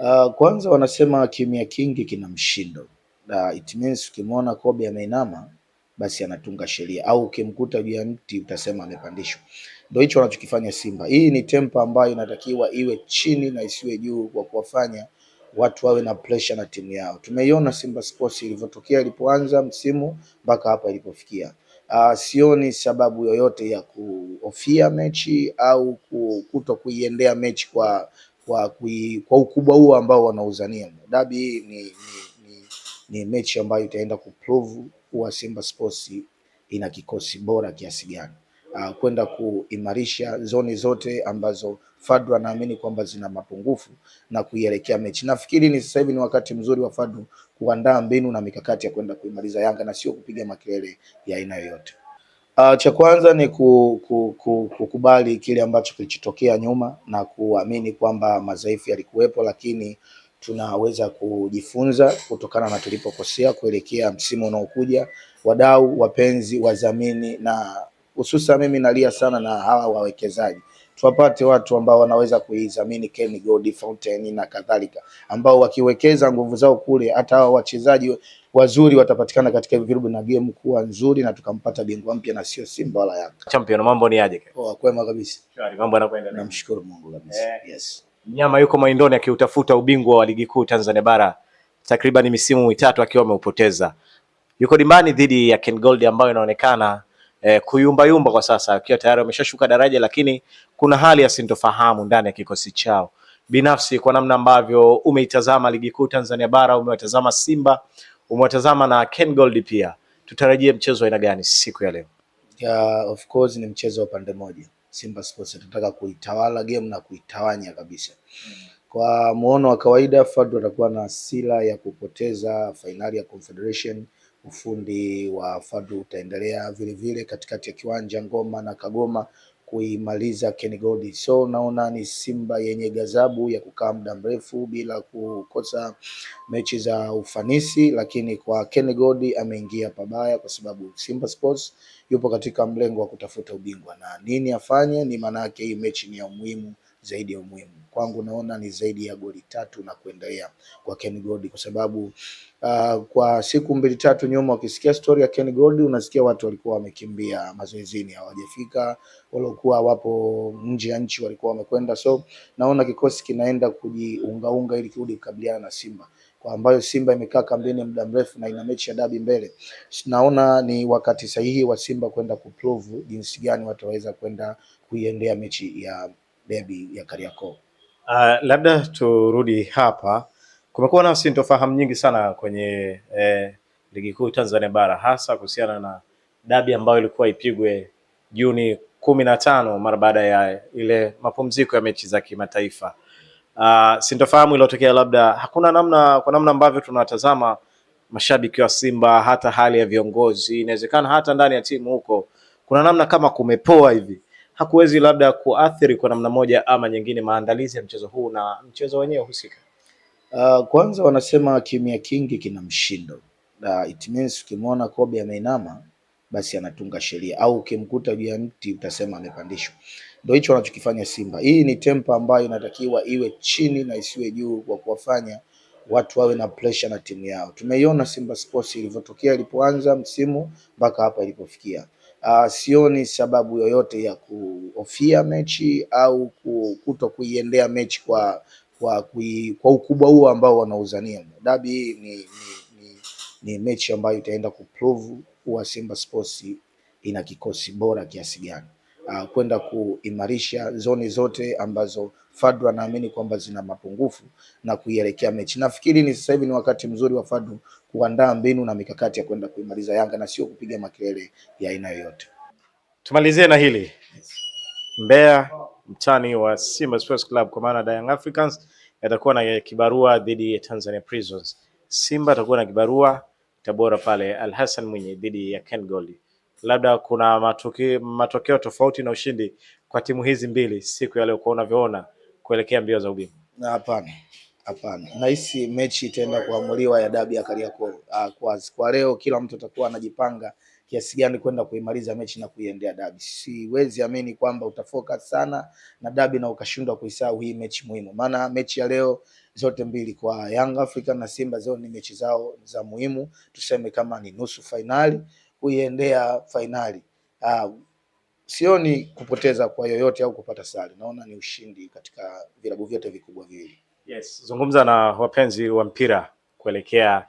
Uh, kwanza wanasema kimya kingi kina mshindo. Uh, it means ukimwona kobe ameinama basi anatunga sheria, au ukimkuta juu ya mti utasema amepandishwa. Ndio hicho wanachokifanya Simba. Hii ni tempa ambayo inatakiwa iwe chini na isiwe juu, kwa kuwafanya watu wawe na pressure na timu yao. Tumeiona Simba Sports ilivyotokea ilipoanza msimu mpaka hapa ilipofikia. Uh, sioni sababu yoyote ya kuhofia mechi au kuto kuiendea mechi kwa kwa, kui, kwa ukubwa huo ambao wanauzania. Dabi ni, ni, ni, ni mechi ambayo itaenda kuprove kuwa Simba Sports ina kikosi bora kiasi gani, uh, kwenda kuimarisha zoni zote ambazo Fadru anaamini kwamba zina mapungufu na kuielekea mechi. Nafikiri ni sasa hivi ni wakati mzuri wa Fadru kuandaa mbinu na mikakati ya kwenda kuimaliza Yanga na sio kupiga makelele ya aina yoyote. Uh, cha kwanza ni ku, ku, ku, kukubali kile ambacho kilichotokea nyuma na kuamini kwamba madhaifu yalikuwepo, lakini tunaweza kujifunza kutokana na tulipokosea kuelekea msimu unaokuja. Wadau, wapenzi, wadhamini na hususan mimi nalia sana na hawa wawekezaji tuwapate watu ambao wanaweza kuidhamini Ken Gold Fountain na kadhalika, ambao wakiwekeza nguvu zao kule, hata hawa wachezaji wazuri watapatikana katika virubu na game kuwa nzuri na tukampata bingwa mpya na sio Simba wala Yanga. Champion, mambo ni aje? Oh, kwema kabisa. Shwari, mambo yanakwenda. Namshukuru Mungu kabisa. Eh, yes. Mnyama yuko maindoni akiutafuta ubingwa wa ligi kuu Tanzania bara takriban misimu mitatu akiwa ameupoteza. Yuko dimbani dhidi ya Ken Gold ambayo inaonekana eh, kuyumbayumba kwa sasa akiwa tayari wameshashuka daraja, lakini kuna hali ya sintofahamu ndani ya kikosi chao. Binafsi, kwa namna ambavyo umeitazama ligi kuu Tanzania bara, umewatazama Simba umewatazama na Ken Gold pia, tutarajie mchezo aina gani siku ya leo? Yeah, of course ni mchezo wa pande moja. Simba Sports atataka kuitawala game na kuitawanya kabisa. Kwa muono wa kawaida, Fadlu atakuwa na sila ya kupoteza fainali ya Confederation. Ufundi wa Fadlu utaendelea vile vile katikati ya kiwanja Ngoma na Kagoma kuimaliza Ken Gold. So naona ni Simba yenye gazabu ya kukaa muda mrefu bila kukosa mechi za ufanisi, lakini kwa Ken Gold ameingia pabaya, kwa sababu Simba Sports yupo katika mlengo wa kutafuta ubingwa na nini afanye ni maana yake, hii mechi ni ya umuhimu zaidi ya umuhimu kwangu, naona ni zaidi ya goli tatu na kuendelea kwa Ken Gold, kwa sababu uh, kwa siku mbili tatu nyuma, ukisikia story ya Ken Gold unasikia watu walikuwa wamekimbia mazoezini, hawajafika, waliokuwa wapo nje ya nchi walikuwa wamekwenda. So naona kikosi kinaenda kujiungaunga ili kirudi kukabiliana na Simba kwa ambayo Simba imekaa kambini muda mrefu na ina mechi ya dabi mbele. Naona ni wakati sahihi wa Simba kwenda kuprove jinsi gani wataweza kwenda kuiendea mechi ya debi ya Kariakoo. Uh, labda turudi hapa. Kumekuwa na sintofahamu nyingi sana kwenye eh, ligi kuu Tanzania bara hasa kuhusiana na dabi ambayo ilikuwa ipigwe Juni kumi na tano mara baada ya ile mapumziko ya mechi za kimataifa. Uh, sintofahamu iliyotokea labda hakuna namna, kwa namna ambavyo tunatazama mashabiki wa Simba, hata hali ya viongozi, inawezekana hata ndani ya timu huko kuna namna kama kumepoa hivi hakuwezi labda kuathiri kwa namna moja ama nyingine maandalizi ya mchezo huu na mchezo wenyewe husika? Uh, kwanza wanasema kimya kingi kina mshindo. Uh, it means ukimwona Kobe ameinama basi anatunga sheria, au ukimkuta juu ya mti utasema amepandishwa. Ndio hicho wanachokifanya Simba. Hii ni tempo ambayo inatakiwa iwe chini na isiwe juu, kwa kuwafanya watu wawe na pressure na timu yao. Tumeiona Simba Sports ilivyotokea ilipoanza msimu mpaka hapa ilipofikia. Uh, sioni sababu yoyote ya kuhofia mechi au kuto kuiendea mechi kwa kwa, kui, kwa ukubwa huo ambao wanauzania. Dabi ni, ni, ni, ni mechi ambayo itaenda kuprove kuwa Simba Sports ina kikosi bora kiasi gani uh, kwenda kuimarisha zoni zote ambazo Fadlu anaamini kwamba zina mapungufu na kuielekea mechi. Nafikiri ni sasa hivi ni wakati mzuri wa Fadlu kuandaa mbinu na mikakati ya kwenda kuimaliza Yanga na sio kupiga makelele ya aina yoyote. Tumalizie na hili Mbeya, mtani wa Simba Sports Club kwa maana Young Africans atakuwa na kibarua dhidi ya Tanzania Prisons. Simba atakuwa na kibarua Tabora pale Al Hassan Mwinyi dhidi ya Ken Goldie labda kuna matokeo, matokeo tofauti na ushindi kwa timu hizi mbili siku ya leo kwa unavyoona kuelekea mbio za ubingwa? Hapana, hapana. Nahisi mechi itaenda kuamuliwa ya dabi ya Kariakoo. Ah, kwa, kwa leo kila mtu atakuwa anajipanga kiasi gani kwenda kuimaliza mechi na kuiendea dabi. Siwezi amini kwamba utafocus sana na dabi na ukashindwa kuisahau hii mechi muhimu, maana mechi ya leo zote mbili kwa Young Africa na Simba zao ni mechi zao za muhimu, tuseme kama ni nusu fainali kuiendea fainali. Uh, ah, sioni kupoteza kwa yoyote au kupata sare, naona ni ushindi katika vilabu vyote vikubwa viwili. Yes, zungumza na wapenzi wa mpira kuelekea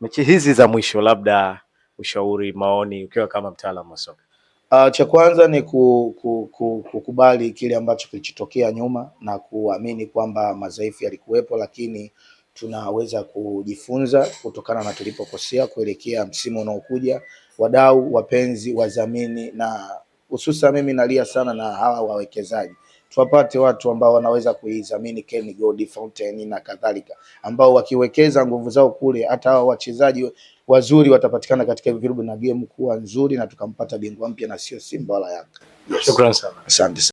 mechi hizi za mwisho, labda ushauri, maoni ukiwa kama mtaalamu wa soka. Uh, cha kwanza ni ku, ku, ku, kukubali kile ambacho kilichotokea nyuma na kuamini kwamba madhaifu yalikuwepo, lakini tunaweza kujifunza kutokana na tulipokosea kuelekea msimu unaokuja wadau, wapenzi, wadhamini na hususan mimi nalia sana na hawa wawekezaji tuwapate watu ambao wanaweza kuidhamini Ken Gold Fountain na kadhalika, ambao wakiwekeza nguvu zao kule, hata hao wachezaji wazuri watapatikana katika vilabu na game kuwa nzuri, na tukampata bingwa mpya na sio Simba wala Yanga. Yes. Shukrani sana, asante